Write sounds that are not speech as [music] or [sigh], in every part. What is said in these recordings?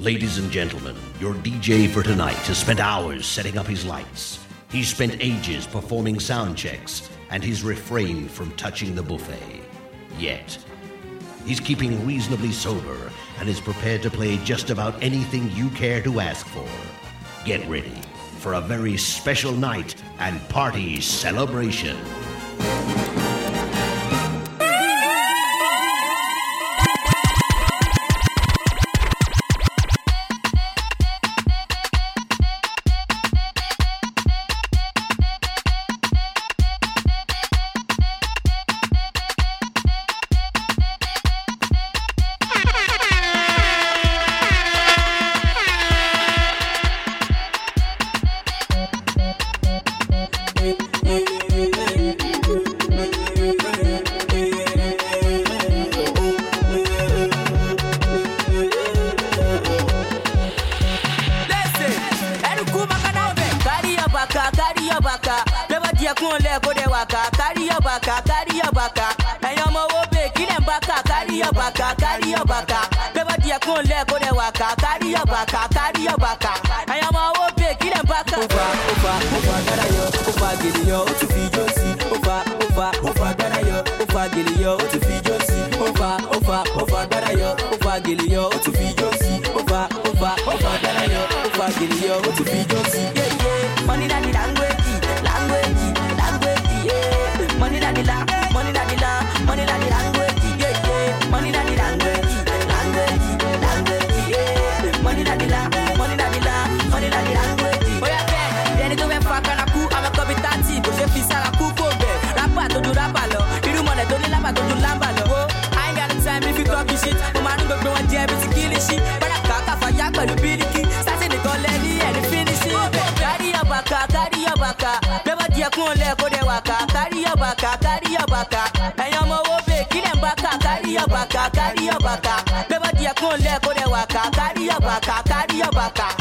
Ladies and gentlemen, your DJ for tonight has spent hours setting up his lights. He's spent ages performing sound checks, and he's refrained from touching the buffet. Yet. He's keeping reasonably sober and is prepared to play just about anything you care to ask for. Get ready for a very special night and party celebration. Baka.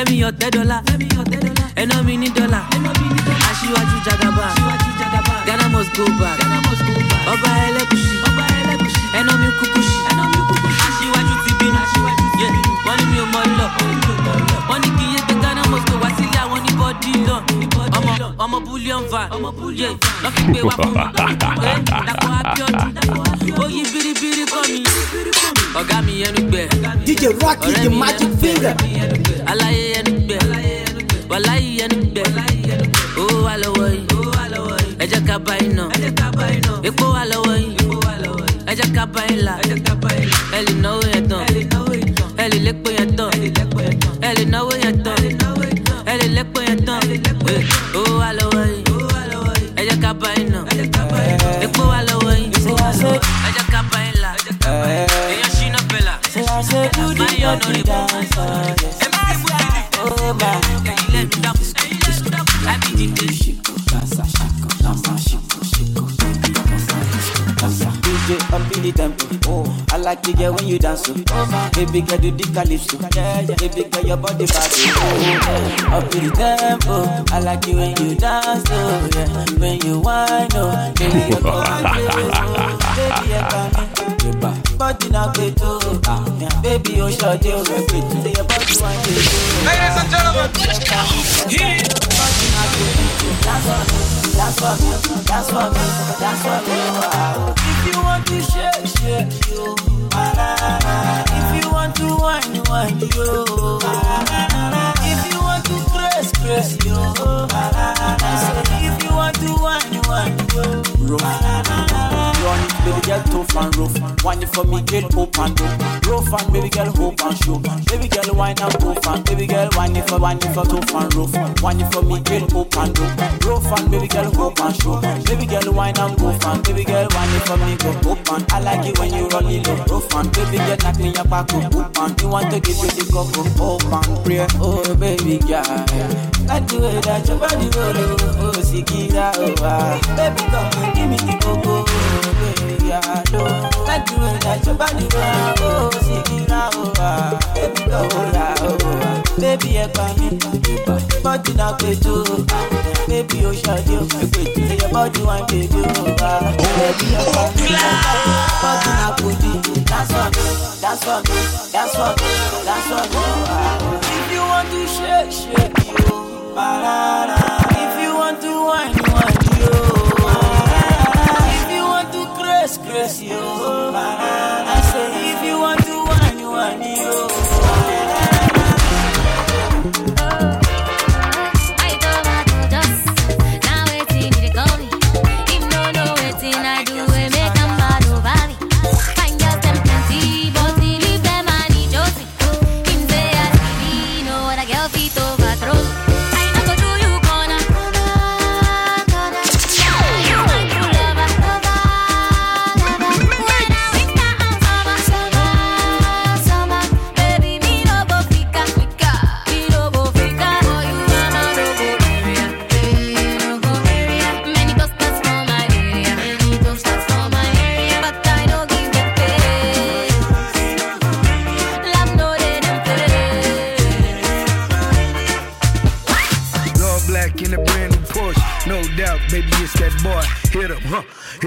fẹ́mi ọ̀tẹ́ dọ́là Eno mi ní dọ́là aṣíwájú jagaba ghana must go back ọba ẹlẹ́kùsì Eno mi kúkúsì aṣíwájú ti bínú wọ́n ní mi ò mọ lọ wọ́n ní kí iye tẹ ghana must go wá sílé àwọn ní bọ́dí lọ ọmọ ọmọ bullion van lọ́ fi gbé wá fún mi ẹ̀ dàpọ̀ abiodun oyin biribiri kọ́ mi ọ̀gá mi ẹnu gbẹ. DJ Rocky the magic finger. Baby girl, do the calypso. Baby girl, your body bad. Oh, up in the tempo. I like it when you dance, oh yeah. When you whine, oh. Baby, you're going crazy, baby, you're coming. Body now go to, baby, you're sure you're ready. Your body want to. Ladies and gentlemen, here. That's what, that's what, that's what, that's what you If you want to shake, shake you. If you want to wine, wine you. If you want to press, press you. If you want to wine, wine you baby girl tough and rough. Wine for me, get up and up. Rough and baby girl hope and show. Baby girl wine and rough and baby girl wine for wine for tough and rough. Wine for me, get up and up. Rough and baby girl hope and show. Baby girl wine and rough and baby girl wine for me, go up and. I like it when you roll it up, rough and baby girl knock me your back up, up and. You want to give me the cup up, up and pray, oh baby girl. I do it that your body roll, oh oh, oh, oh, see, give that over. Oh, ah. Baby, come give me the cocoa ìyá lọ. Láti wẹ̀ ìdájọ́ bá ní wá ó sì kíra ó wá. Bébí lọ́wọ́ ra ó wá. Bébí ẹ pa mí. Bọ́dì náà pètò. Bébí o baby kira o. Ẹyẹ bọ́dì wá That's that's that's that's If you want to shake, shake you. If you want to wine, wine. you.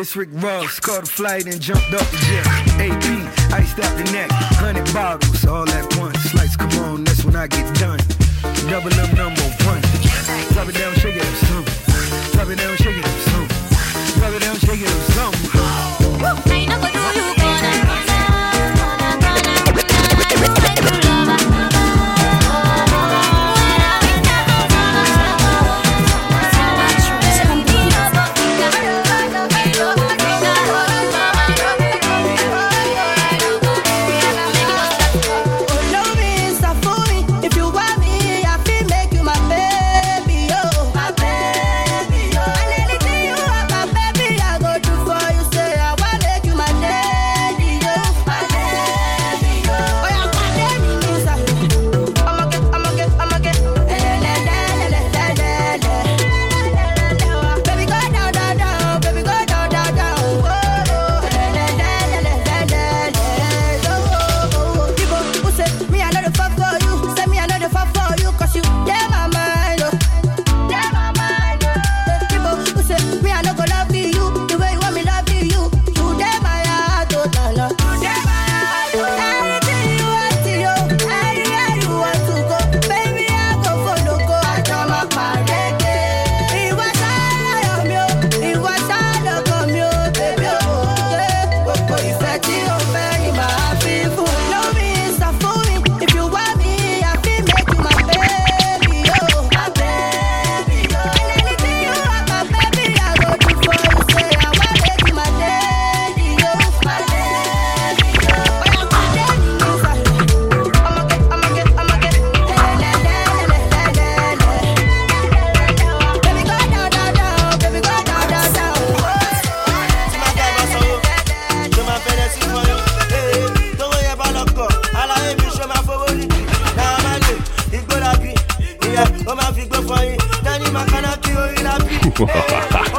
This Rick Ross caught a flight and jumped off the jet. AP, iced out the neck. Hundred bottles all at once. Lights come on, that's when I get done. Double up number one. Drop it down, shake it up some. Drop it down, shake it up some. Drop it down, shake it up some. 哈哈哈。哈。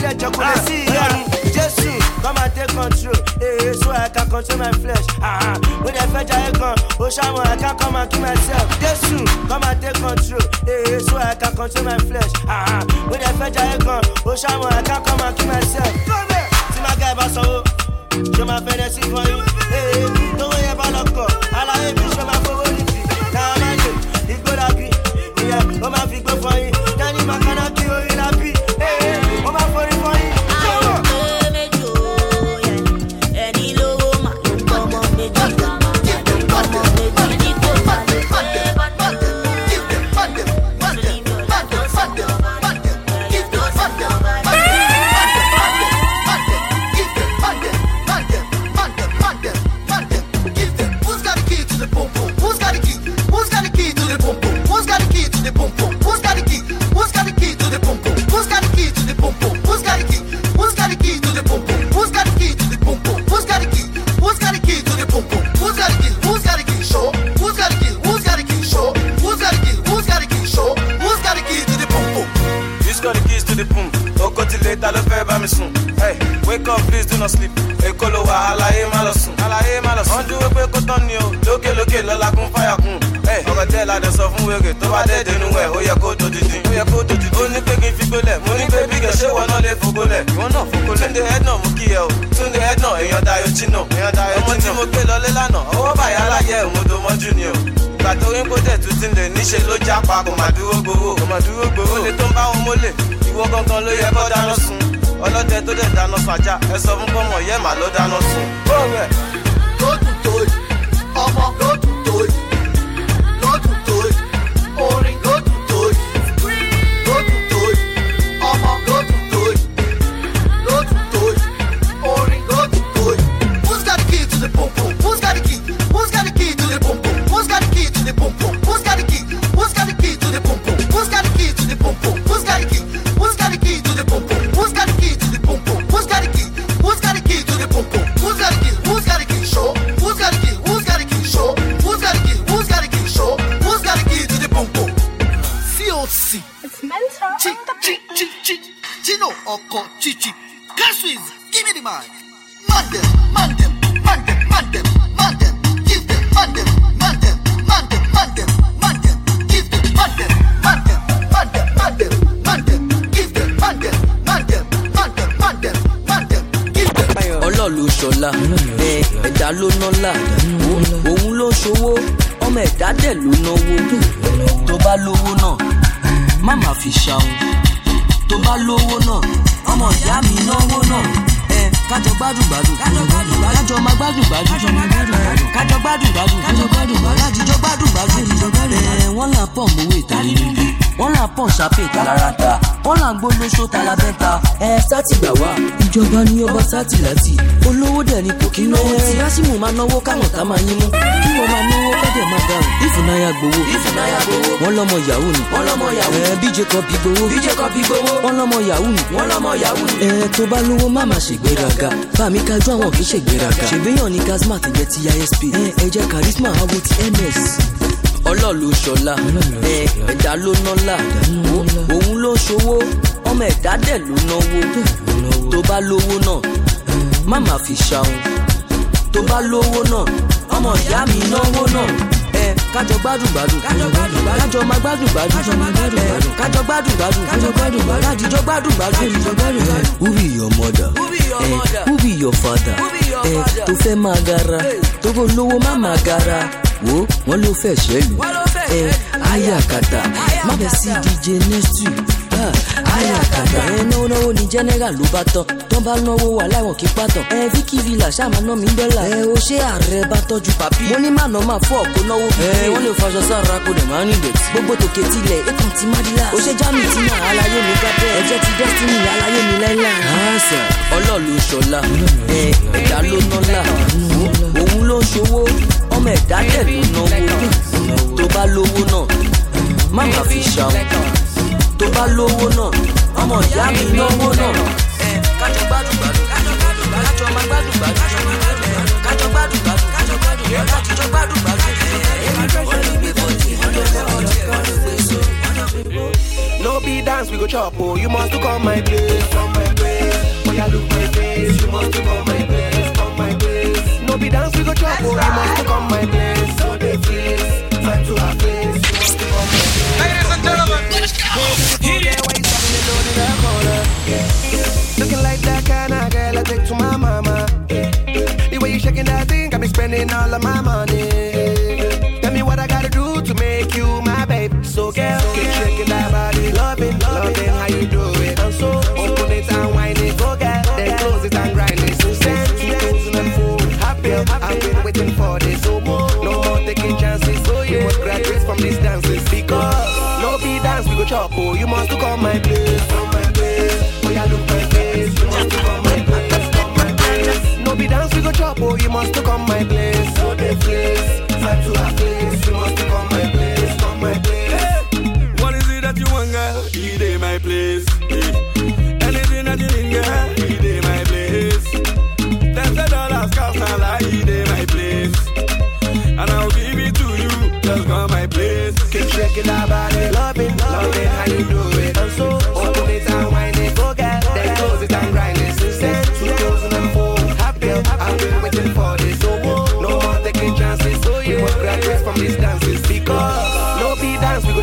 Killer chocolate. Ah, ah. ah Jesus, come and take control. Hey, eh, so I can control my flesh. Ah, ah. when I fetch a gun, oh I can come and kill myself. Jesus, come and take control. Hey, eh, so I can control my flesh. Ah, when I fetch oh, a gun, Oshamo, I can come and kill myself. Come here, see my guy, Basso. Show my fantasy for you. èrè tó bá dẹ́ẹ̀dẹ̀ nu ẹ̀ ó yẹ kó dodo dín. ó yẹ kó dodo dín. ó ní pé fi gbólẹ̀ mo ní pé bí ṣé wọn náà lè fogolẹ̀. ìwọ náà fogolẹ̀. túnde head náà mú kí ẹ o túnde head náà èèyàn dayo chino. èèyàn dayo chino. ọmọ tí mo gbé lọlé lánàá ọwọ́ bàyá aláyẹ òmodo mọ́jú ni o. ìgbà tó rí kódẹ̀ tún ti lè níṣe ló já pa kò má dúró gbowó. kò má dúró gbowó. olè tó ń bá wọn mólè ìwọ gangan ló yẹ kó dáná sun. ọlọ́dẹ tó dẹ̀ dáná fàjà ẹ sọ fún pọ́nmọ̀ yẹ́ẹ̀mà ló dáná sun. bóòrẹ̀ lótùtò ọmọ lótùtò yìí. fi ṣàwọn tó bá lówó náà ọmọ ìyá mi náwó náà ẹ kájọ gbádùn gbádùn kájọ máa gbádùn gbádùn kájọ gbádùn gbádùn kájọ gbádùn gbádùn kájọ gbádùn gbádùn ẹ wọ́n là pọ̀ mówó ìtàlẹ́ wọn là pọ̀ ṣàpè ìtàlára kọ́là gbólóṣó tàlà bẹ́ta. ẹ sátì gbà wá ìjọba ni ọba sátì láti olówó dẹ̀ ni kò kí náwó tí rásìmù máa náwó káwọn ká máa yín mú kí wọ́n máa náwó kọ́dẹ̀ máa dáhùn. ìfúnnáyà gbowó ìfúnnáyà gbowó wọ́n lọ́mọ yahoo ni wọ́n lọ́mọ yahoo ẹ bíje kan bí gbowó bíje kan bí gbowó wọ́n lọ́mọ yahoo ni wọ́n lọ́mọ yahoo ni. ẹ tó bá lówó má máa ṣègbéraga bàmí kájú àwọn kì í ṣègbéraga ṣègbéyàn ni kazmat jẹ ti isp ẹ ẹ jẹ charisma awo ti ms ọlọ́ọ̀lù ṣọlá ẹ̀dá ló nọ́lá òun ló ṣòwò ọmọ ẹ̀dá dẹ̀ ló náwó tó bá lówó náà má má fi ṣàwọn tó bá lówó náà ọmọ ìyá mi náwó náà kájọ gbádùn gbádùn kájọ máa gbádùn gbádùn kájọ gbádùn gbádùn kájọ gbádùn gbádùn kájọ gbádùn gbádùn. who be your mother who be your father tó fẹ́ máa gara tó bó lówó má máa gara wo wọn ló fẹ́ ṣẹ́ lù ẹ ayakata má bẹ sí dj nestu ayakata ẹ náwó náwó ní general ló bá tán tán bá náwó wà láwọn kí pàtàn ẹ vicky villa ṣáàmà náà mi ń dọ́là ẹ o ṣé ààrẹ bá tọ́jú papi mo ní màná máa fọ́ ọ̀kọ́ náwó ẹ wọ́n lè faṣọ sára kó dẹ̀ máa ń rìn dẹ̀tí gbogbo tòkè tilẹ̀ ekun ti má dílà o ṣe jámi tí náà aláyé mi ká bẹ́ẹ̀ ẹ̀jẹ̀ ti destiny aláyé mi lẹ́lá. àṣà ọlọ́ọ̀lù ṣọlá ẹ̀ ẹ̀dá ló nọ́lá ẹ̀dá dẹ̀ náwó tó bá lówó náà má má fi ṣàwọn tó bá lówó náà ọmọ ìyá mi náwó náà. kájọ gbádùn gbádùn kájọ má gbádùn gbádùn kájọ gbádùn gbádùn kájọ gbádùn gbádùn kájọ gbádùn gbádùn. No be dance, we go chop, oh, you must look my place. Look my place. Oh, yeah, look my face, you must look my place be dance, we go chop. Oh, you must come my place. So they please, time to have Ladies and gentlemen, let's go. Looking like that kind of girl I take to my mama. The way you shaking that thing got me spending all of my money. go chop, oh, you must look on my place. On my place, oh, yeah, look my face. You must look on my place, on my place. No be dance, we go chop, oh, you must look on my place.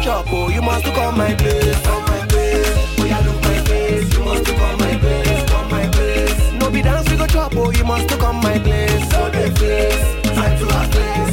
chop, oh, you must come my place. my place. Oh, you must come my place, No be dance, we go chop, oh, you must my place. place, time to our place.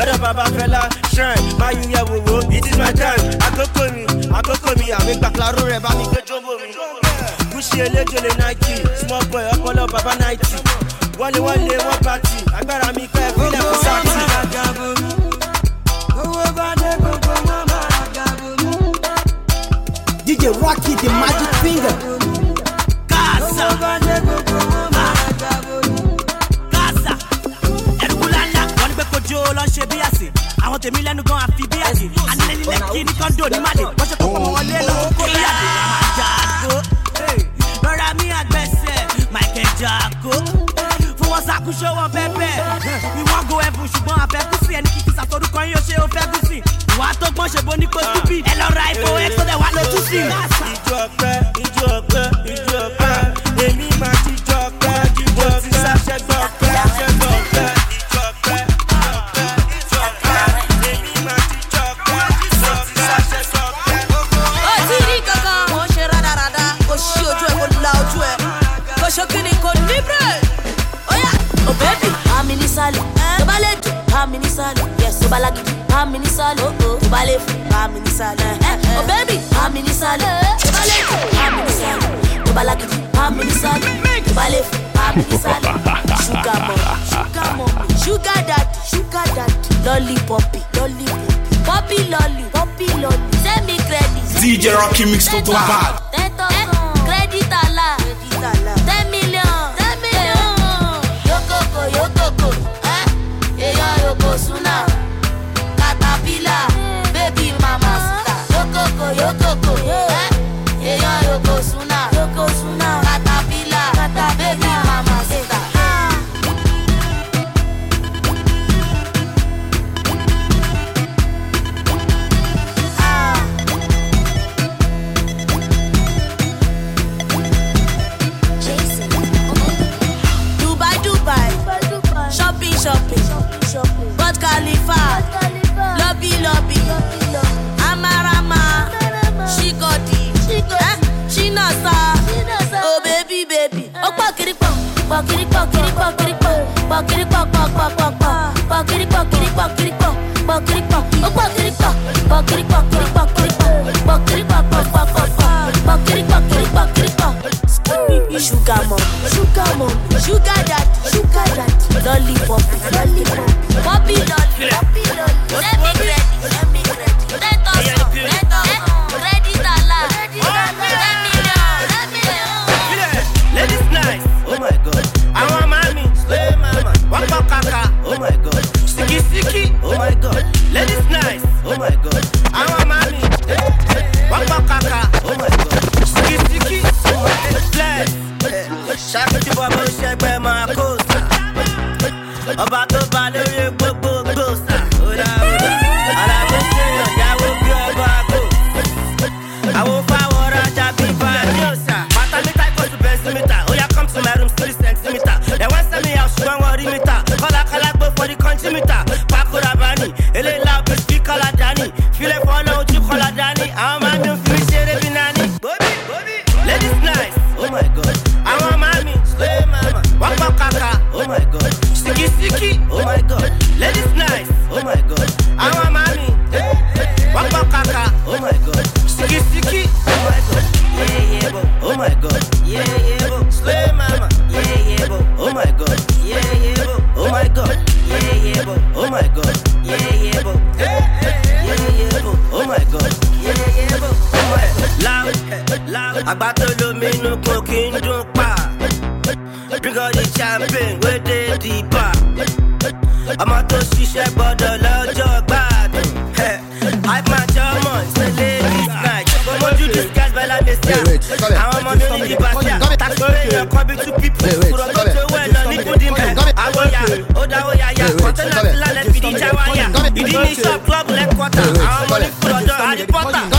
lọ́dọ̀ bàbá fẹ́lá shrine máa yí yẹ wòwò it is my time àkókò mi àkókò mi àmì gbàkúláró rẹ̀ bá mi gbé jóbó mi. gúúsì eléjòlè náìkì small boy ọpọlọ bàbá náìkì wọlé wọlé wọn pàtì agbára mi kọ́ fílẹ̀ fún sáàtì. owó bá dé gbogbo mọ́ máa gàbó. DJ Rocky the magic finger. tèmi lẹ́nu gan àfi bí àdì ànílẹ̀ nílẹ̀ kí ní kọ́ńdò ní màdì wọ́n ṣe kókó wọn lé kó bí àdì àjàgbó rọra mi àgbẹ̀sẹ̀ Michael Jacko fún wọn wọn bẹ́ẹ̀ we wan go heaven ṣùgbọ́n àfẹ́kùsì ẹni kìkì sàtọ́dúkọ yín ó ṣe ó fẹ́ kùsì ìwà tó gbọ́n ṣe bó ní kó stupid ẹ lọ ra iPhone X tó dẹ̀ wá lójú sí. ìjọ pẹ́ Rock Mix conturbado àgbà tó lomi inú kan kì í dún pa drink all champagne wey dey di bar ọmọ tó ṣiṣẹ́ gbọ́dọ̀ lọ́jọ́ gbàdùn hype man jọmọ ìṣẹ̀lẹ̀ night mojú discuss bella mesia àwọn ọmọ mi ò ní ìbàṣẹ takore yan kọbi two people kúrò tó tó wẹ̀ lọ ní kúndínlẹ̀ àwòyà ó dáwọ́ yàyà kọ́tẹ́lẹ̀ fúlàlẹ̀ fìdí jáwáyà ìdí ní shop club lẹ́kọ̀ọ́ta àwọn ọmọ ní kúrò dán harry potter.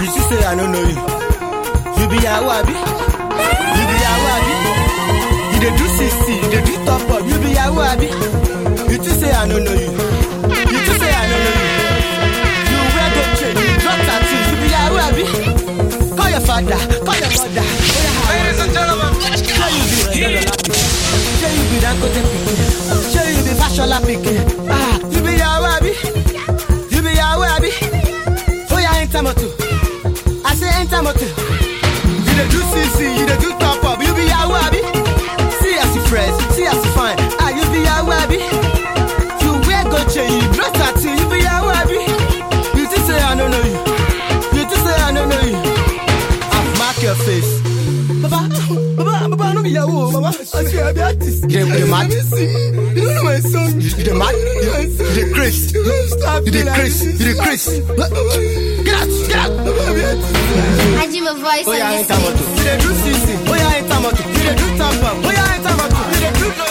You Pretty say I don't know you. You be a wabi. You be a wabi. You dey do 60, you dey do top up. You be a wabi. You too say I don't know you. You too say I don't know you. You wear gold chain, you drop tattoo. You be a wabi. Call your father, call your mother. Ladies and gentlemen, show you be Show you be Dangote pikin. Show you be Fashola pikin. Ah, you be a wabi. You be a wabi. Oh yeah, ain't time or two. enter You the you the up, you be wabi. See see fine, be wabi. You wear chain, you you be wabi. You just say I don't know you, you just say I don't know you. I've ah, marked your face. be I swear I be artist. You the You know my You the You the You the You the Get out, get out. I voice. Oh yeah, enter moto. You Oh yeah, Oh yeah,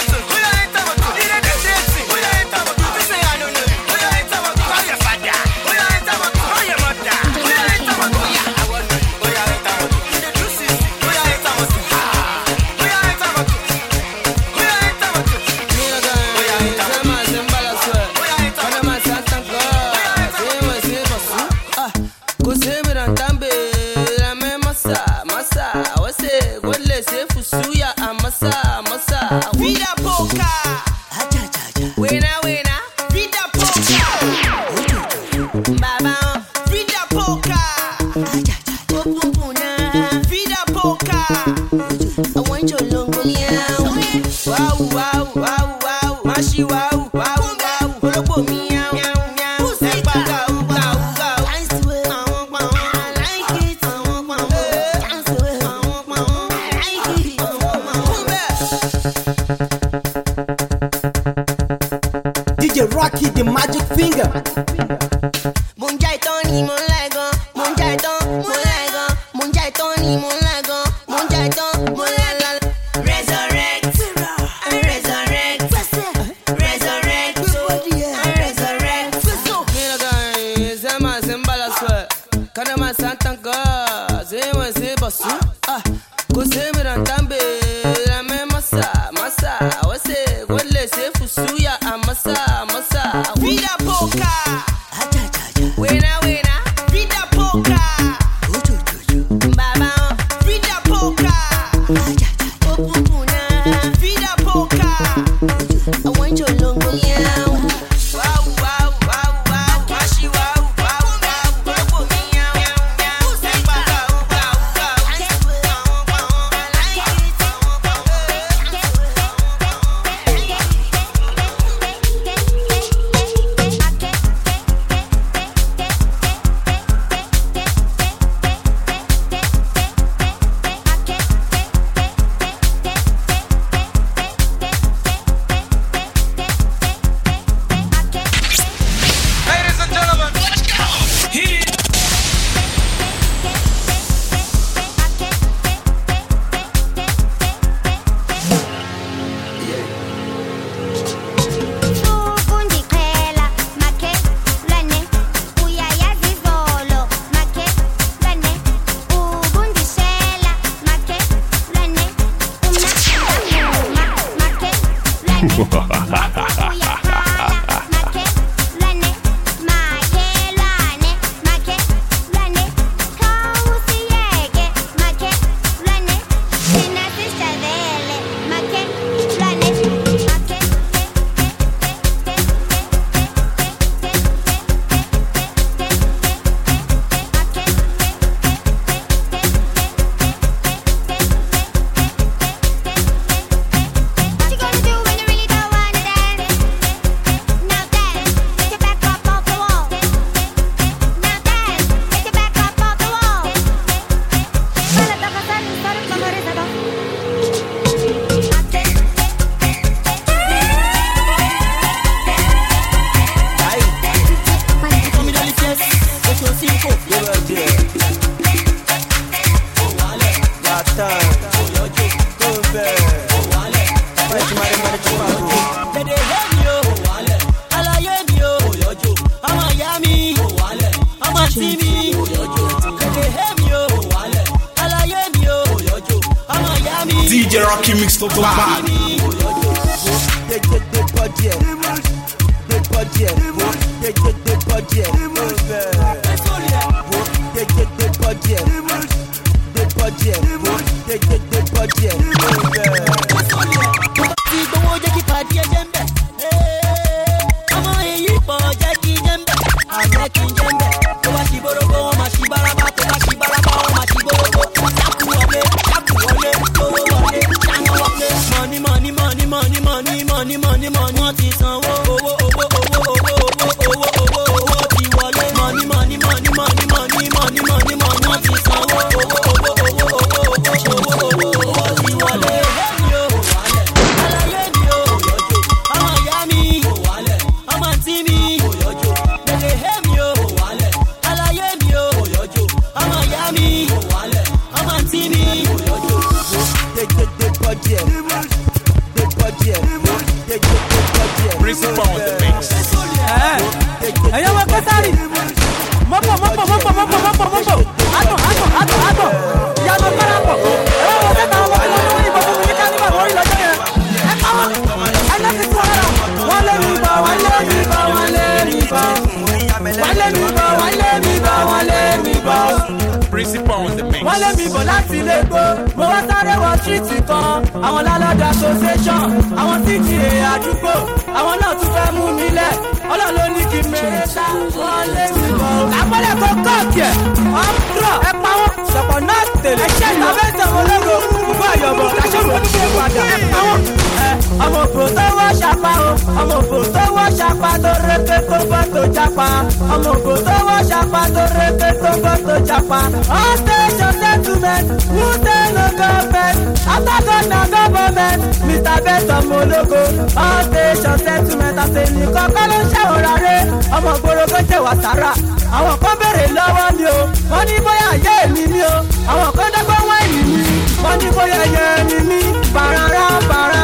japa all stage of settlement who dey no government after God na government Mr. Benson Mologo all stage of settlement àṣẹyìn kọ́kọ́ ló ń ṣèwọ̀ra rẹ̀ ọmọ gbòòrò kò ṣe wà sára àwọn kan béèrè lọ́wọ́ mi o wọ́n ní bóyá ayé èmi mi o àwọn kan dọ́gbọ́n wọ́n èmi mi wọ́n ní bóyá ẹyẹ èmi mi bàràrà bàràrà.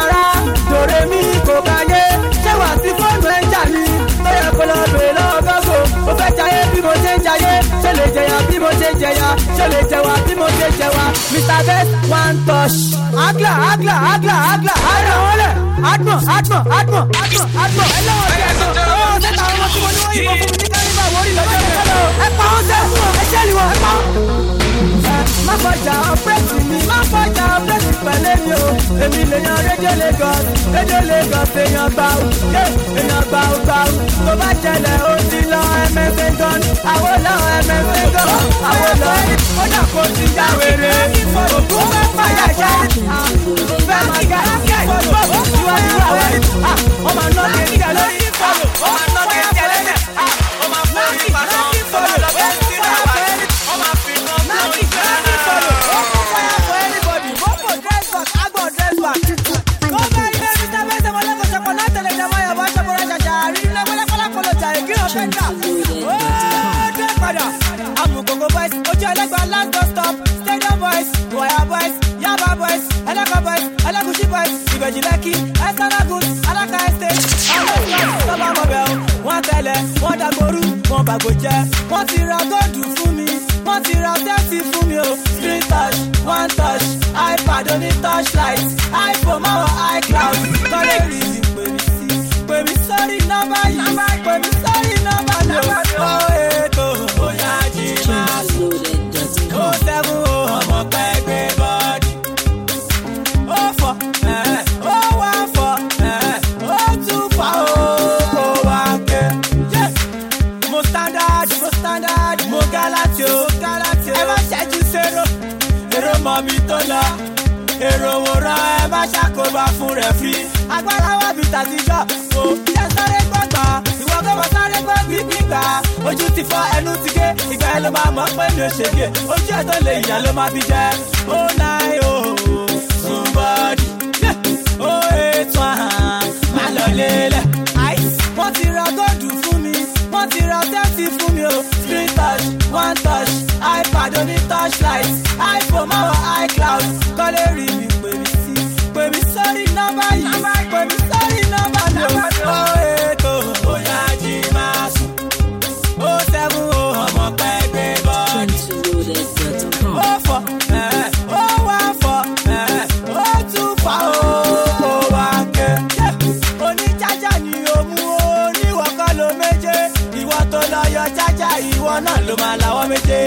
mo ṣe jẹyà ṣe lè jẹwà bí mo ṣe jẹwà mr best one touch. agla agla agla agla agla wọn lẹ agbọn agbọn agbọn agbọn agbọn ẹlẹ́wọ̀n ti ẹ̀gbọ́n ọ̀rọ̀ sẹ́ta ọmọ tí mo ní wọ́n yìnbọn fún mi ní kẹ́rìndínláwọ̀ orí lọ́jọ́ ìṣẹ́lẹ̀ ẹ̀ pa ọ́n sẹ́fún ẹ̀ ṣẹ́lẹ̀ wọ̀ ẹ̀ pa ọ́n má fọjà ọ̀pẹ́sì mi má fọjà ọ̀pẹ́sì pẹ̀lẹ́ mi o èmi lèèyàn rédíò Lagos rédíò Lagos èèyàn gbàù yé èèyàn gbàù gbàù tó bá jẹlẹ̀ ó lọ ẹ̀mẹ́fẹ́ gan àwọn lọ ẹ̀mẹ́fẹ́ gan àwọn lọ ó dà kó ti já wèrè òkú fẹ́ fàyà jẹ́ ah, fẹ́ máa ga ìfọ̀dù ìwà ìwà wẹ̀ ọmọ náà. ti ẹnu ti gé ìgbà ẹ ló máa mọ̀ pé mi ò ṣe gé ojú ẹ̀ lè yà ló máa fi jẹ́ ó náì ó somebody ó ètò àhàn má lọ lélẹ̀. wọ́n ti ra góòdù fún mi wọ́n ti ra tẹ́tì fún mi o touch one touch ipad oní touchlight iphone máwọ̀ icloud kọ́lé rí mi pè mí sí pè mí sórí nọ́mbà yìí pè mí sórí nọ́mbà mi náà ló máa làwọn méje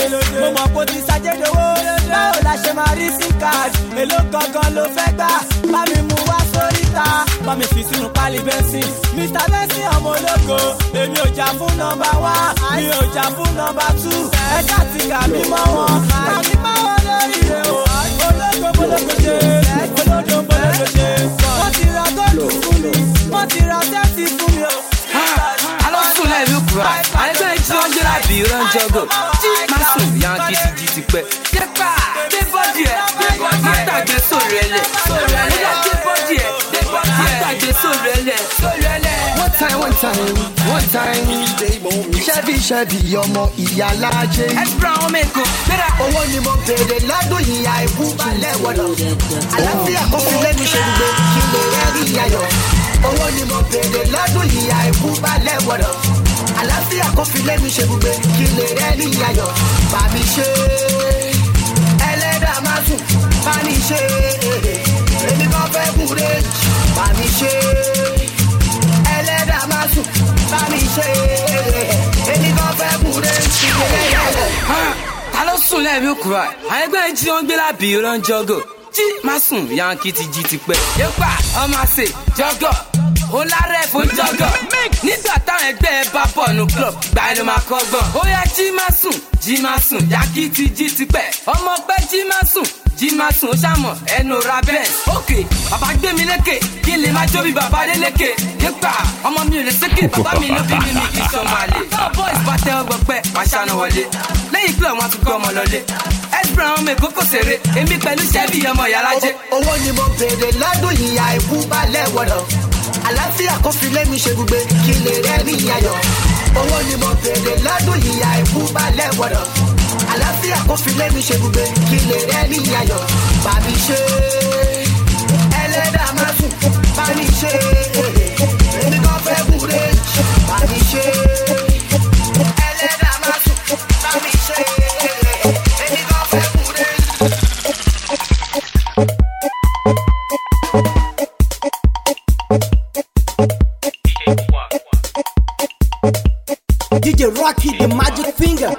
mo mọ̀ kó ti ṣàjẹdowó báwo la ṣe máa rí sim card èló gangan ló fẹ́ gbà bá mi mú wá sóríta bá mi fi sínú pálí bẹ́sìn mr bẹ́sìn ọmọ ológo èmi ò jà fún nọmba one mi ò jà fún nọmba two ẹ̀ka ti kà mí mọ́ wọn àti báwọn lórí rẹ̀ o ológo bológo ṣe olódo bológo ṣe wọ́n ti ra góòlù fún mi wọ́n ti ra tẹ́tì fún mi alọ́ sùn lẹ́yìn kura bí ránjọ́gò má sùn yankí ti di tipẹ́. dépà dé bọ́dì ẹ̀ má tàgé sórí ẹlẹ̀ nígbà dé bọ́dì ẹ̀ má sórí ẹlẹ̀. one time one time one time ṣẹ́bí ṣẹ́bí ọmọ ìyá alájẹ. ẹ fura àwọn ọmọ èkó. owó ni mo bèrè ládùn ìyá ikú balẹ̀ wọ̀nà. àlàáfíà kò fi lẹ́nu ṣe ń gbé kí lè rẹ́rìn ayọ̀. owó ni mo bèrè ládùn ìyá ikú balẹ̀ wọ̀nà àlàáfíà kò fi lé mi ṣe gbogbo kí lè rẹ́ ní ayọ̀ bá mi ṣe ẹlẹ́dàá má sùn bá mi ṣe èmi kan fẹ́ kú rè bá mi ṣe ẹlẹ́dàá má sùn bá mi ṣe èmi kan fẹ́ kú rè ta ló sùn lẹ́ẹ̀mí òkúra ẹ̀ àyẹ́gbẹ́ jí wọ́n gbé lábì ìrọ̀jọ́gò jí má sùn yankí ti jí ti pẹ́ yóò gbà ọmọ àṣẹ jọ́gọ̀ ó lára ẹ̀ fún jọ́gọ̀. nígbà táwọn ẹgbẹ́ ẹ bá bọ̀ nù club gbà ẹ máa kọ́ ó yá jí má sùn jí má sùn yàgì ti jí ti pẹ́ ọmọ pẹ́ jí má sùn jí má sùn ó ṣàmọ̀ ẹnu ra bẹ́ẹ̀. òkè bàbá gbé mi lékè kí lè má jó bí bàbá dé lékè. nípa ọmọ mi ò lè sékè bàbá mi ló bí mi mi kì í sọ máa lè. táwọn boys bá tẹ ọgbọ pẹ máa ṣàánú wọlé lẹ́yìn pé àwọn akókò ọmọ lọlé. ẹsibran ọmọ èkó kò ṣeré èmi pẹ̀lú ṣẹ́bí ọmọ ìyára jẹ́. owó ni mo bèrè lọ́dún ìyá ikú balẹ̀ wọ̀lọ̀ àlàáfíà kò fi lẹ́mi ṣe gbùgbé kí lè rẹ́ni ayọ̀ owó ni mo bèrè lọ́dún ìyá ikú balẹ̀ wọ̀dọ̀ àlàáfíà kò fi lẹ́mi ṣe gbùgbé kí lè rẹ́ni ayọ̀ bàbí ṣe ẹlẹ́dàá má sùn bàbí ṣe èmi kan fẹ́ bùrẹ́ bàbí ṣe. Rocky, the magic finger.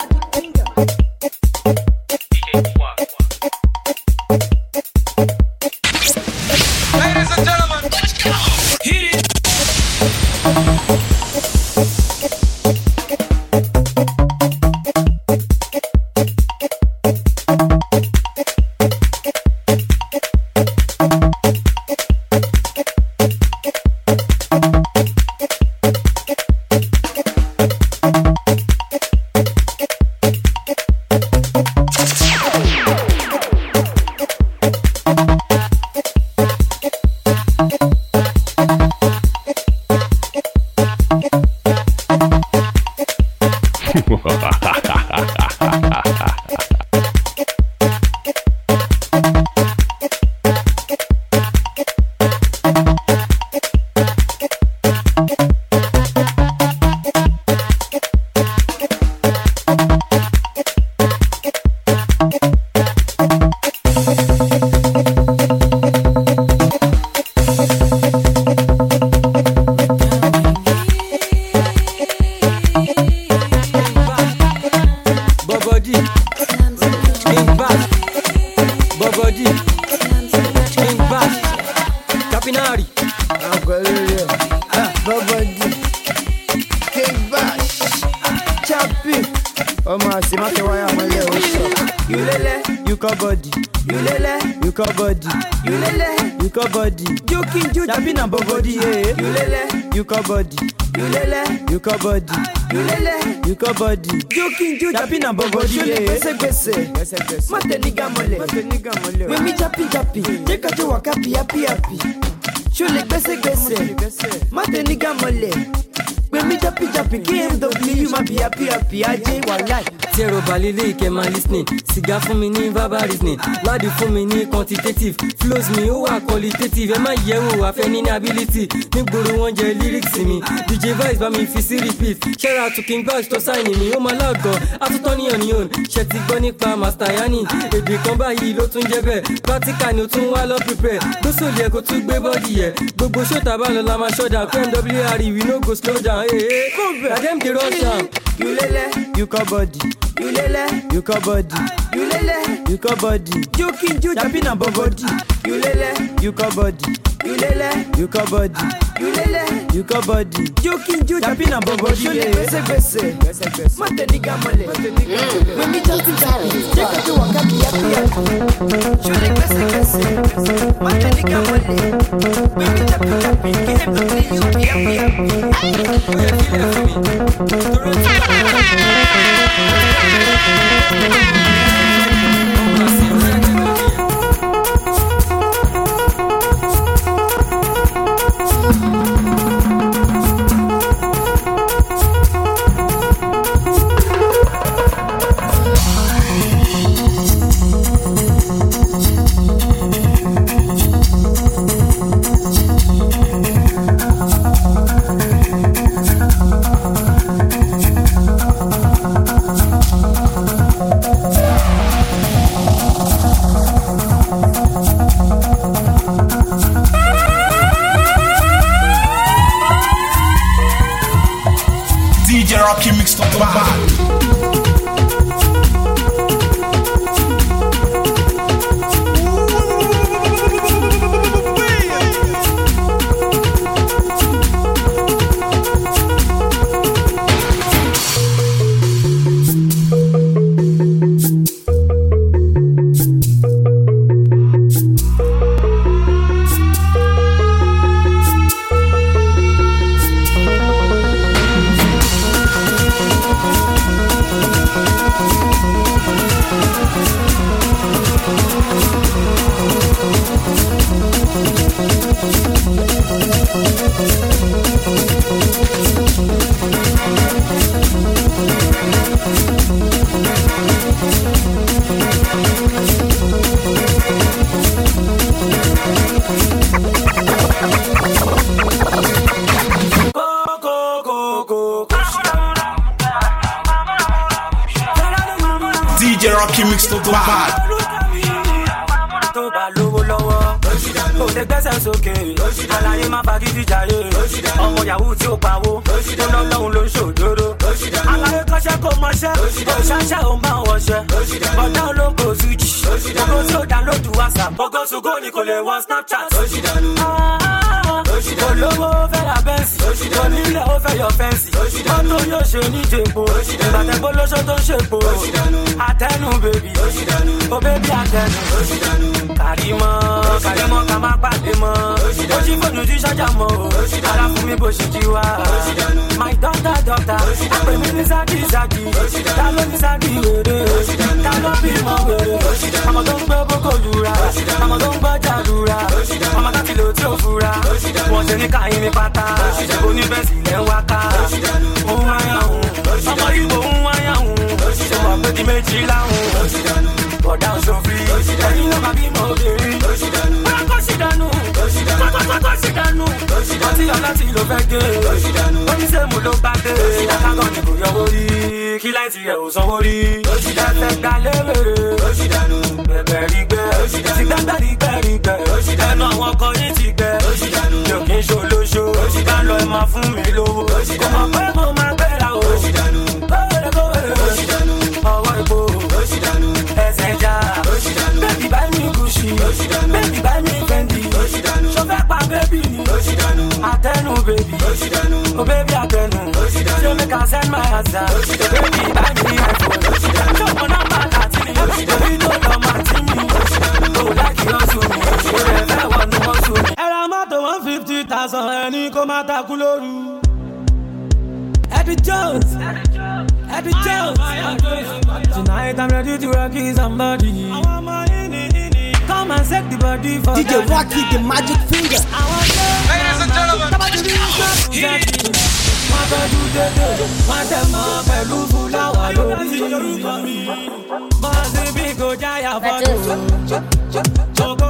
cover body. Yolele, you cover body. Joking, joking. Japping and bobody. Jole, gbese, gbese. Mate niga mole. Mate niga mole. When me jappy, jappy. Take a to walk happy, happy, happy. Jole, gbese, gbese. Mate niga mole. When me jappy, jappy. KMW, you ma be happy, happy. Ajay, walai. Kalili kẹ́ máa listening sìgá fún mi ní verbal reasoning wádìí fún mi ní quantitative flows mi ó wà qualitative ẹ má yẹ̀wò àfẹ́ ní ní ability nígboro jẹ lyrics mi DJ Vice bá mi fi sí repeat ṣẹ́ra to king vibes tó sáìnì mi ó máa láàgàn àtúntọ́ ní ọ̀nì òun ṣe ti gbọ́ nípa master yanni èdè kan báyìí ló tún jẹ́ bẹ́ẹ̀ practical ni ó tún wá lọ prepare gbósòlì ẹ̀ kó tún gbé bọ́ọ̀dì yẹ gbogbo ṣọ́ta bá lọ la máa ṣọ́dà pmwr e, we no go slow down. Hey, hey. You lele, you call body. You lele, you call body. Yulele you call body. You king, you jumping on body. You you call body. yulele you call body. You you call body. You king, you jumping body. bese bese. Mate mm. When me just tell you, check it out, come here, here. You bese bese. Mate When me tap tap, get him to play you, DJ Rocky mix tó tó bad. tó bá àlàyé má fagídí jàre ọmọ yahoo tí ó pawó tó lọ́lọ́hún ló ń ṣòjóró alárékọ́ṣẹ́ kò mọṣẹ́ òṣàṣẹ́ ò máa wọṣẹ́ bọ́dá olóko suji gbogbo tó dánlódù whatsapp gbogbo sugo ni kò lè wọ snapchat olówó fẹ́ ra bẹ́ǹsì onílẹ̀ ó fẹ́ yọ fẹ́ǹsì mọ́tò yóò ṣe níjẹ̀gbọ́ ìbàtẹ́gbọ́ lóṣó tó ń ṣègbò àtẹnu bèbí ó bèbí àtẹnu kàrímọ́ kàrímọ́ ká má pàdé mọ́ ó ṣí fòdù tí sọ́jà mọ́ o ara fún mi bó ṣe jí wá my doctor doctor. Pèmí ní sáàkì sáàkì, ta ní sáàkì wèrè? Ta ló ní ní pátá, wáká. dánú. dànù. tó ṣì dànù. tó ṣì dànù. ọtí ọlá tí ló fẹ́ gé. tó ṣì dànù. ó ní sẹ́mu ló bá dé. tó ṣì dànù. kákan ni kò yọ owó rí. kí láìsí ẹ̀ ò sanwó rí. tó ṣì dànù. ẹ̀fẹ̀ gba léwèrè. tó ṣì dànù. bẹ̀bẹ̀ rí gbẹ. tó ṣì dànù. ìgbàgbà rí gbẹ rí gbẹ. tó ṣì dànù. ẹnu àwọn ọkọ yín ti gbẹ. tó ṣì dànù. yóò kí n ṣo lóṣo. tó ṣì dànù. ẹ máa fún mi lówó. tó ṣì dànù. pa baby ni. Oh Atenu baby. Oh she Oh baby atenu. Oh she make I send my husband. Oh Baby buy me iPhone. Oh she do number thirteen. Oh she don't know. You know your man see me. Oh Oh like you want oh, to me. Oh she don't want to me. Ẹ̀rọ mọ́tò one fifty thousand ẹni kó Eddie Jones. Eddie Jones. Tonight I'm ready to rock somebody. I want my in it. Come and set the body for DJ Rocky, the magic finger. Ladies and gentlemen, wọ́n tọ́jú jáyà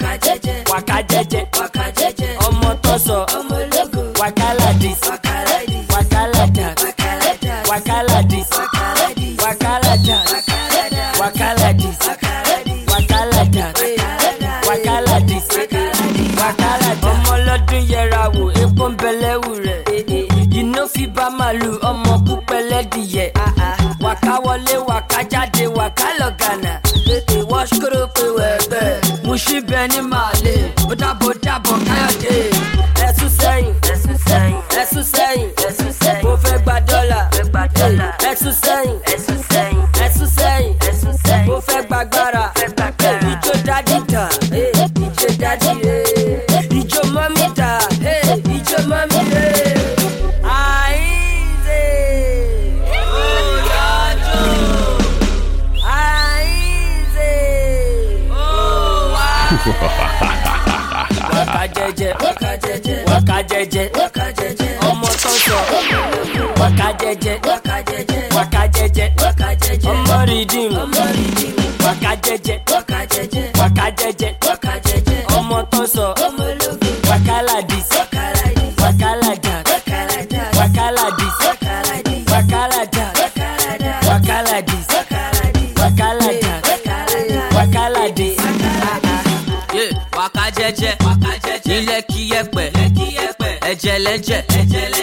waka jẹjẹ waka waka jẹjẹ ọmọ tọsọ ọmọ ológo waka ladis waka ladis waka wakaladi, waka wakalaja, waka wakaladi, waka ladis wakalaja, ladas waka ladis waka ladas waka ladis waka ladas ọmọ lọ́dún yẹra wò epo ń bẹ lẹ́wù iná fi bá màlúù ọmọ kú pẹlẹ́dìyẹ ah, ah. waka wọlé waka jáde waka lọ̀gànà. animal. rìdìmù. wákà jẹjẹ wákà jẹjẹ wákà jẹjẹ wákà jẹjẹ ọmọ tó sọ ọmọ ológo wákà ládìs wákà ládà wákà ládìs wákà ládà wákà ládìs wákà ládà wákà ládìs. wákà jẹjẹ nílẹ̀ kíyẹ̀pẹ̀ ẹ̀jẹ̀ lẹ́jẹ̀.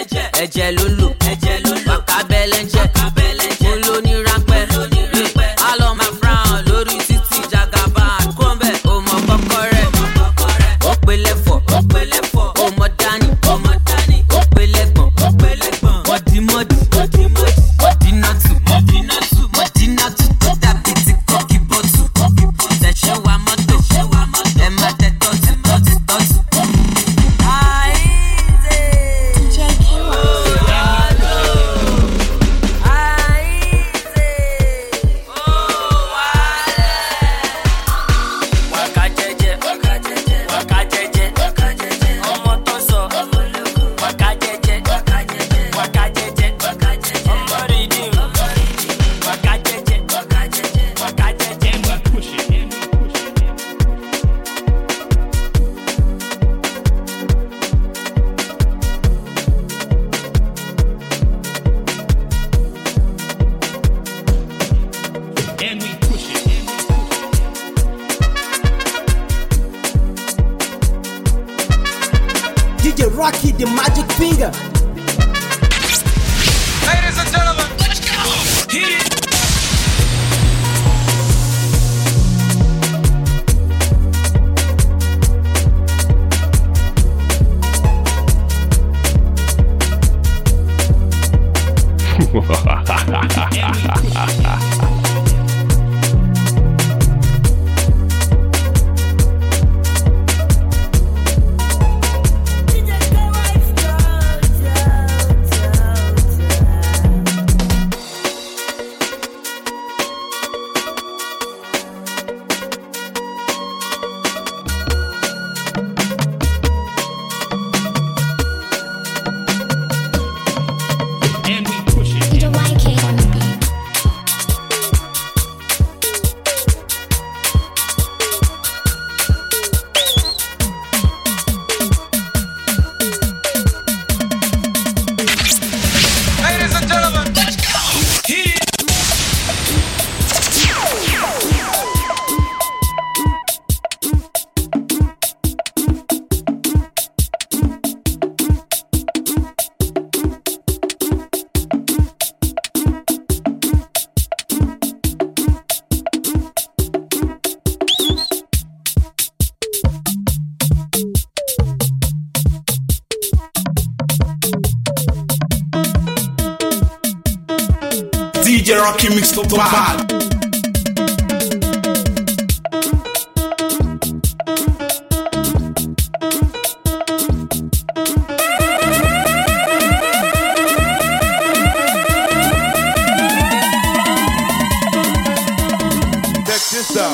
Insta.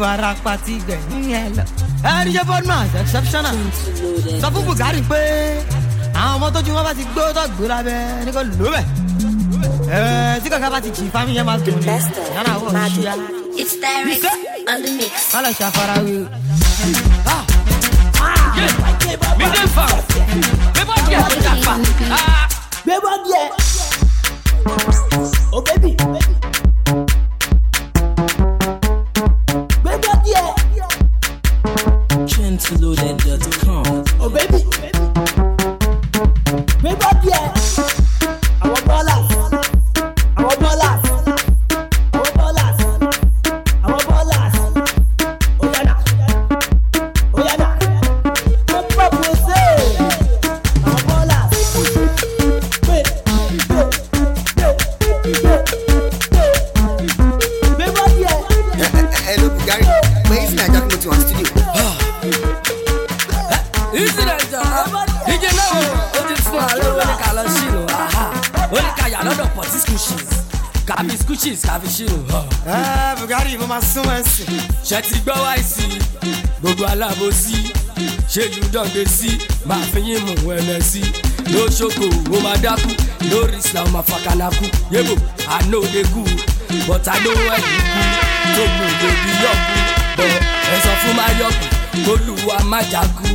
ìwárapá ti gbẹ̀yìn ẹ lọ. ẹni ṣe fọdmans exceptional sọ fún bùkárì pé àwọn ọmọ tójú wọn bá ti gbó tó gbó lábẹ́ ní kò ló bẹ̀. ẹ tí kankan bá ti jì fámi máa dùn ní yàrá wọ̀ ṣíya. it's direct on the mix. o. jọgbe sí máa fi yín mú ẹlẹ sí lóṣogbo ó máa dákú lórí islam àfàkànàkú yébò ànódekú bọ́tà ló ń ẹ̀yìn kú tó mú lórí yọ̀kú bọ̀ ẹ̀sán fún máa yọ̀kú olùwà má jákú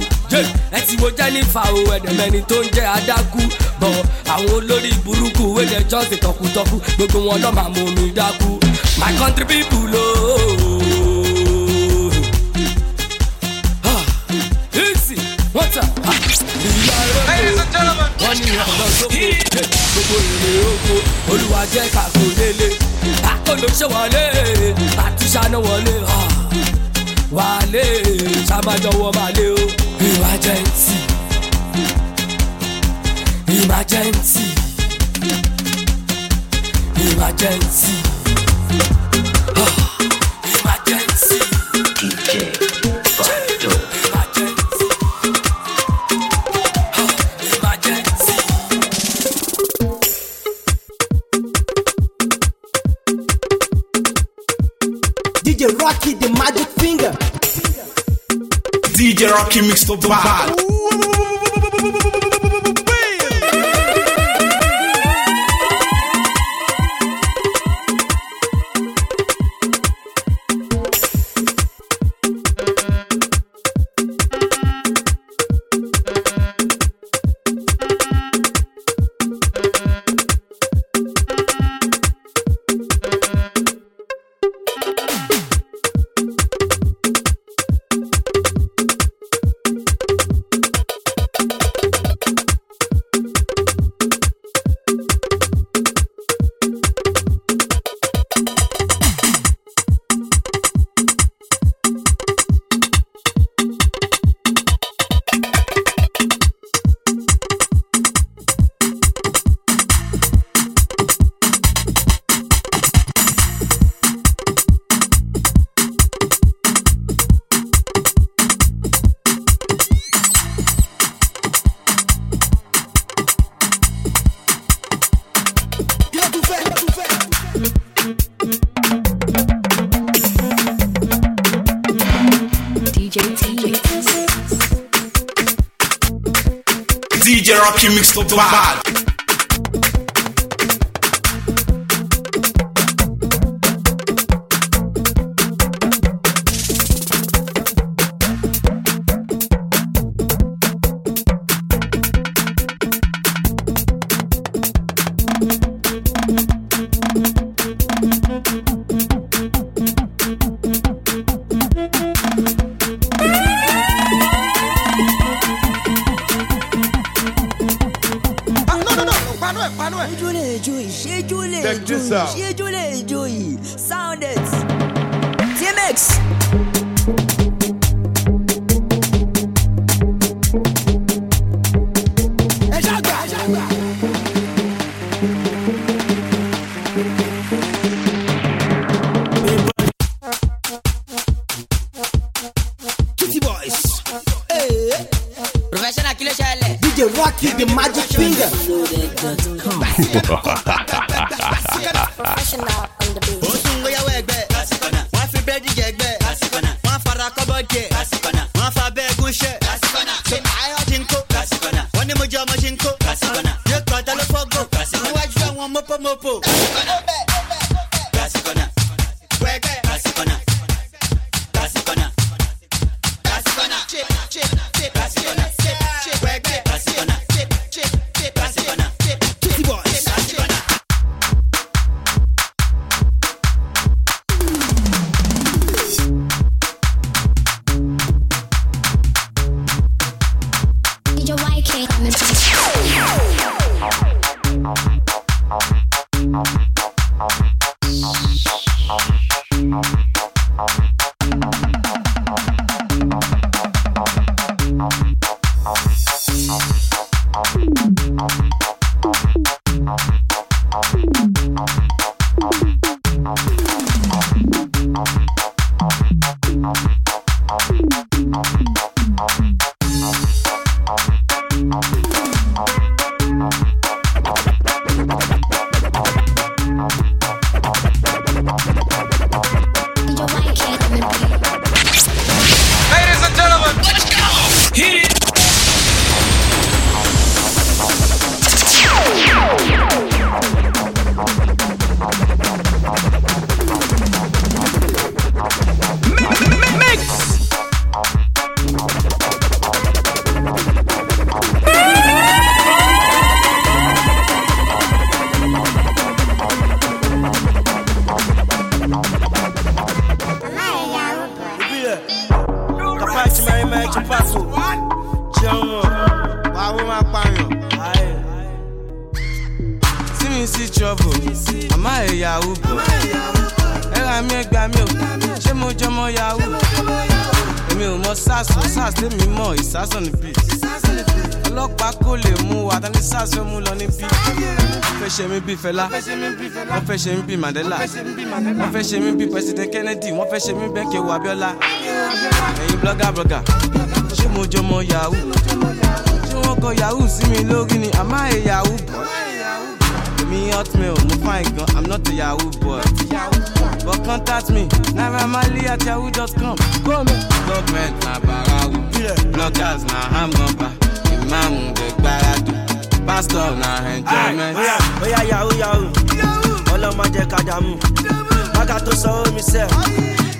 ẹ ti wo jẹ́nifà o ẹ̀dẹ̀mẹ́ni tó ń jẹ́ adákú bọ̀ àwọn olórí burúkú wẹ́dẹ̀ jọ́sìn tọkutọku gbogbo wọn lọ́ọ́ máa mú mi dákú my country people o. oko èrè oko olúwa jẹ́ kàkó délé akọ́nọṣẹ́ wọlé àtúnṣáná wọlé wálé sàmájọwọ́ balẹ̀ o emergency emergency emergency. rock mixed up the back. Mandela wọ́n fẹ́ ṣe mí bí Mandela wọ́n fẹ́ ṣe mí bí President Kennedy wọ́n fẹ́ ṣe mí bẹ́ẹ̀ Abiola ẹ̀yin ṣé mo yahoo ṣé wọ́n kọ yahoo sí mi lórí ni àmọ́ ẹ̀ yahoo bọ̀ hotmail gan I'm not a yahoo boy but contact me Mali at yahoo.com government na barawu bloggers na gbáradu pásítọ̀ nà enjoyment. bóyá yahoo yahoo ọlọ́mọ jẹ́ kájàmú bàgà tó sọ omi sẹ́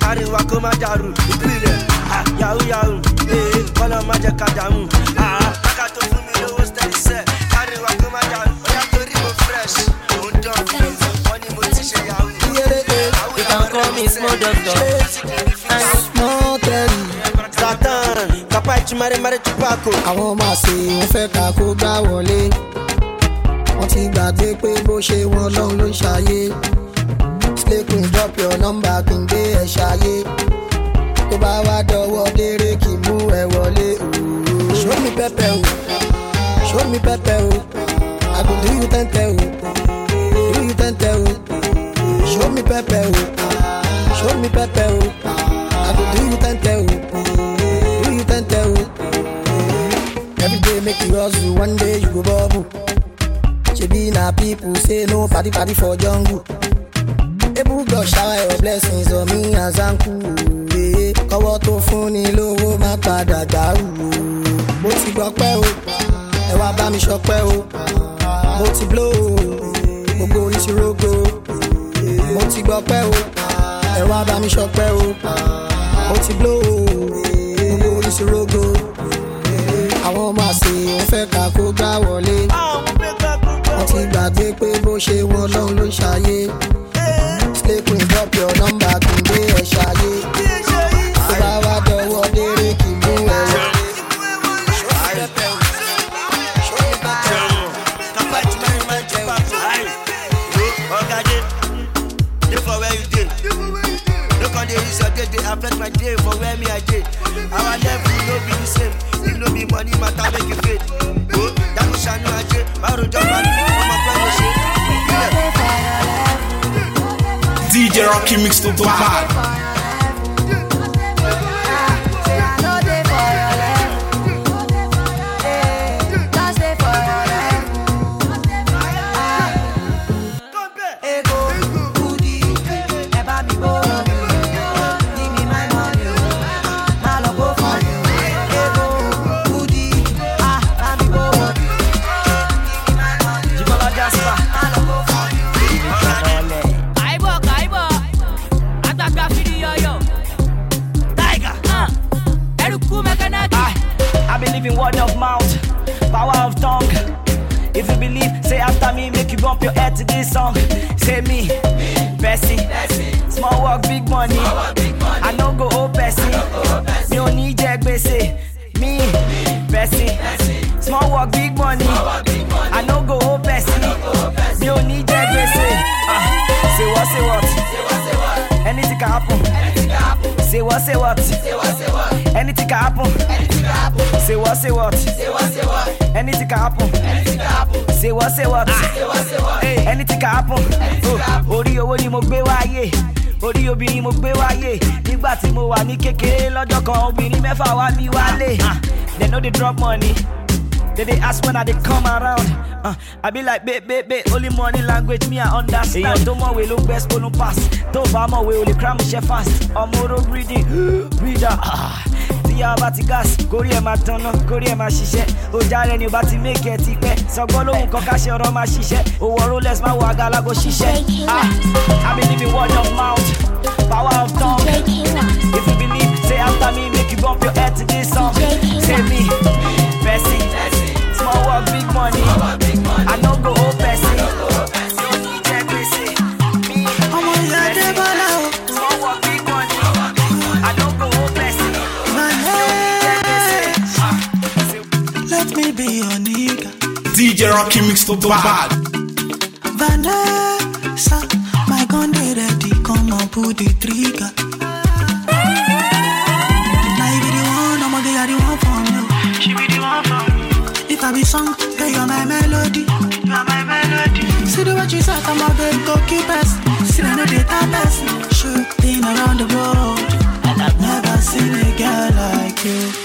àríwá kó má dàrú ìpínlẹ̀ rẹ̀ ah, yahoo yahoo eh, ọlọ́mọ jẹ́ kájàmú bàgà ah, tó fún mi lówó steady sẹ́ àríwá kó má dàrú ọ̀yà torí mo fresh mo ń dán wọ́n ni mo ti ṣe yahoo. you can call me small doctor chimare mare chupako. àwọn ọmọ àṣẹ wọn fẹ́ ká kó gbá wọlé wọ́n ti gbàgbé pé bó ṣe wọn lọ́hùn ló ń ṣayé lẹ́kùn drop your number kí n gbé ẹ̀ ṣayé tó bá wá dọwọ́ déré kì í mú ẹ wọlé ooo. show me pẹpẹ o show me pẹpẹ o i go do you tẹ́ntẹ́ o do you tẹ́ntẹ́ o show me pẹpẹ o. one day you go bubble. be na people say no party party for jungle. Ebu God shower your blessings on me as uncle. Eh. Kọ́wọ́ tó fún ni lówó má padà dàrú. Eh. Mo ti gbọ́pẹ́ o, ẹ wá bá mi ṣọpẹ́ o. Mo ti blow o, eh. gbogbo orí ti rógo. Mo ti gbọ́pẹ́ o, ẹ wá bá mi ṣọpẹ́ o. Mo ti blow o, gbogbo orí ti àwọn máa ṣe ó fẹ́ ká kó gbá wọlé wọ́n ti gbàgbé pé bó ṣe wọn lọ́n ló ń ṣayé slay queen drop your number kì í gbé ẹ̀ ṣayé tó bá wá dọwọ́ déré kì í mú ẹ̀ wọlé. Affect my day for where me I did. Our level no be the same. You know me money matter make you fit. Maru shit. DJ Rocky mixed up the vibe. what, say what. Anything can oh, happen. Orí owó ni mo gbé wáyé. Orí obìnrin mo gbé wáyé. Nígbà tí mo wà ní kékeré lọ́jọ́ kan, obìnrin mẹ́fà wá mi wálé. Ah. They know they drop money. They dey ask when I dey come around. Uh, I be like, babe, babe, babe, only money language me I understand. Èèyàn tó mọ̀wé ló gbẹ́ spolun pass. Tó bá mọ̀wé o lè cram chef fast. Ọmọ oró breathing, [gasps] breather. Ah. tíyá ọba ti gas kórí ẹ̀ máa tanná kórí ẹ̀ máa ṣiṣẹ́ ọjà rẹ̀ ni ọba ti méèkì ti pẹ́ sọgbọ́n lóhùn kan káṣẹ ọ̀rọ̀ máa ṣiṣẹ́ òwò rolex máa wọ agalago ṣiṣẹ́ ah i believe in word of mouth power of tongue if you believe say after me make you bump your head to this song say me Bessie small work big money i no go open. DJ Rocky mix bad. Vanessa, my gun is ready, come on, put the trigger. be the one, i be the one for me. She be the one for me. If I be song, girl you're my melody. You are my melody. See the way she said, I'm a big goalkeepers. See the way they tap shooting around the world. And I've never seen a girl like you.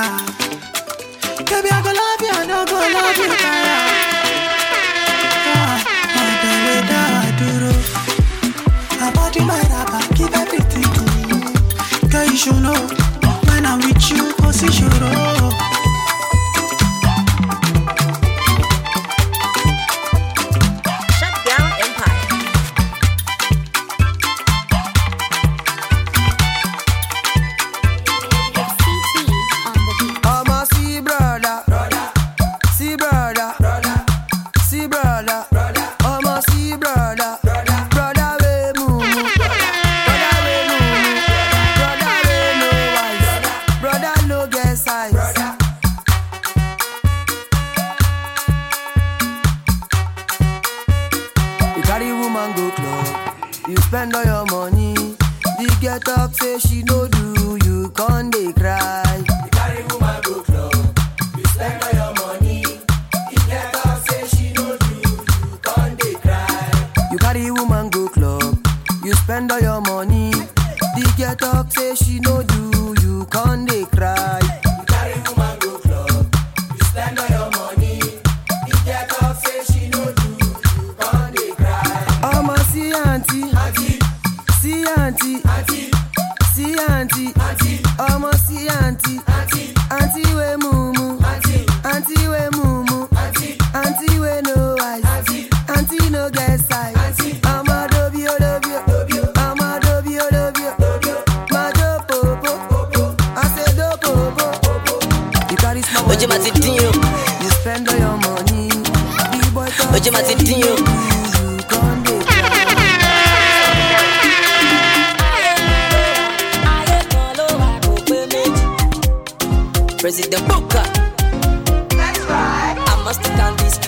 should know. When I'm with you, pussy should know.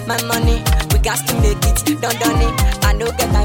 my money. We got to make it, don't done it. I know that I.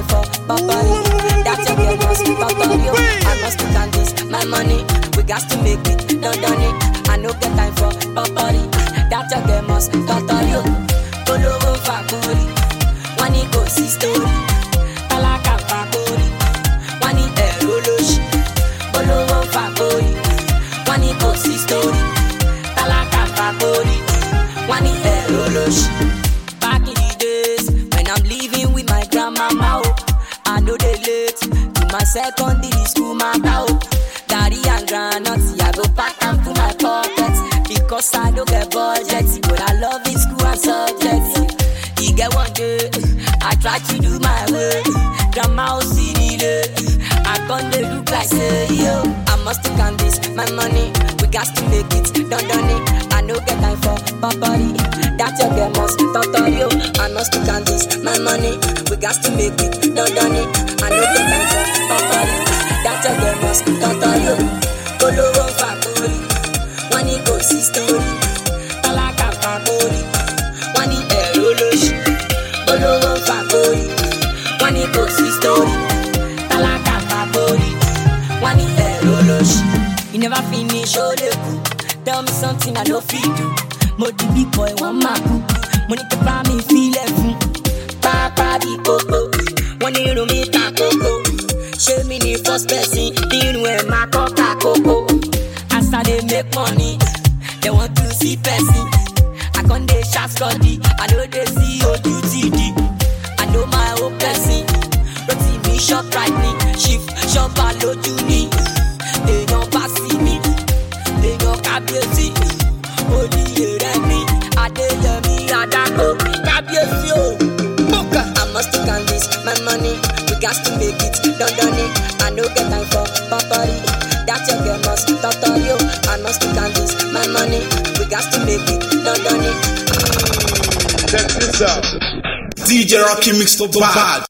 que mixtou bombado.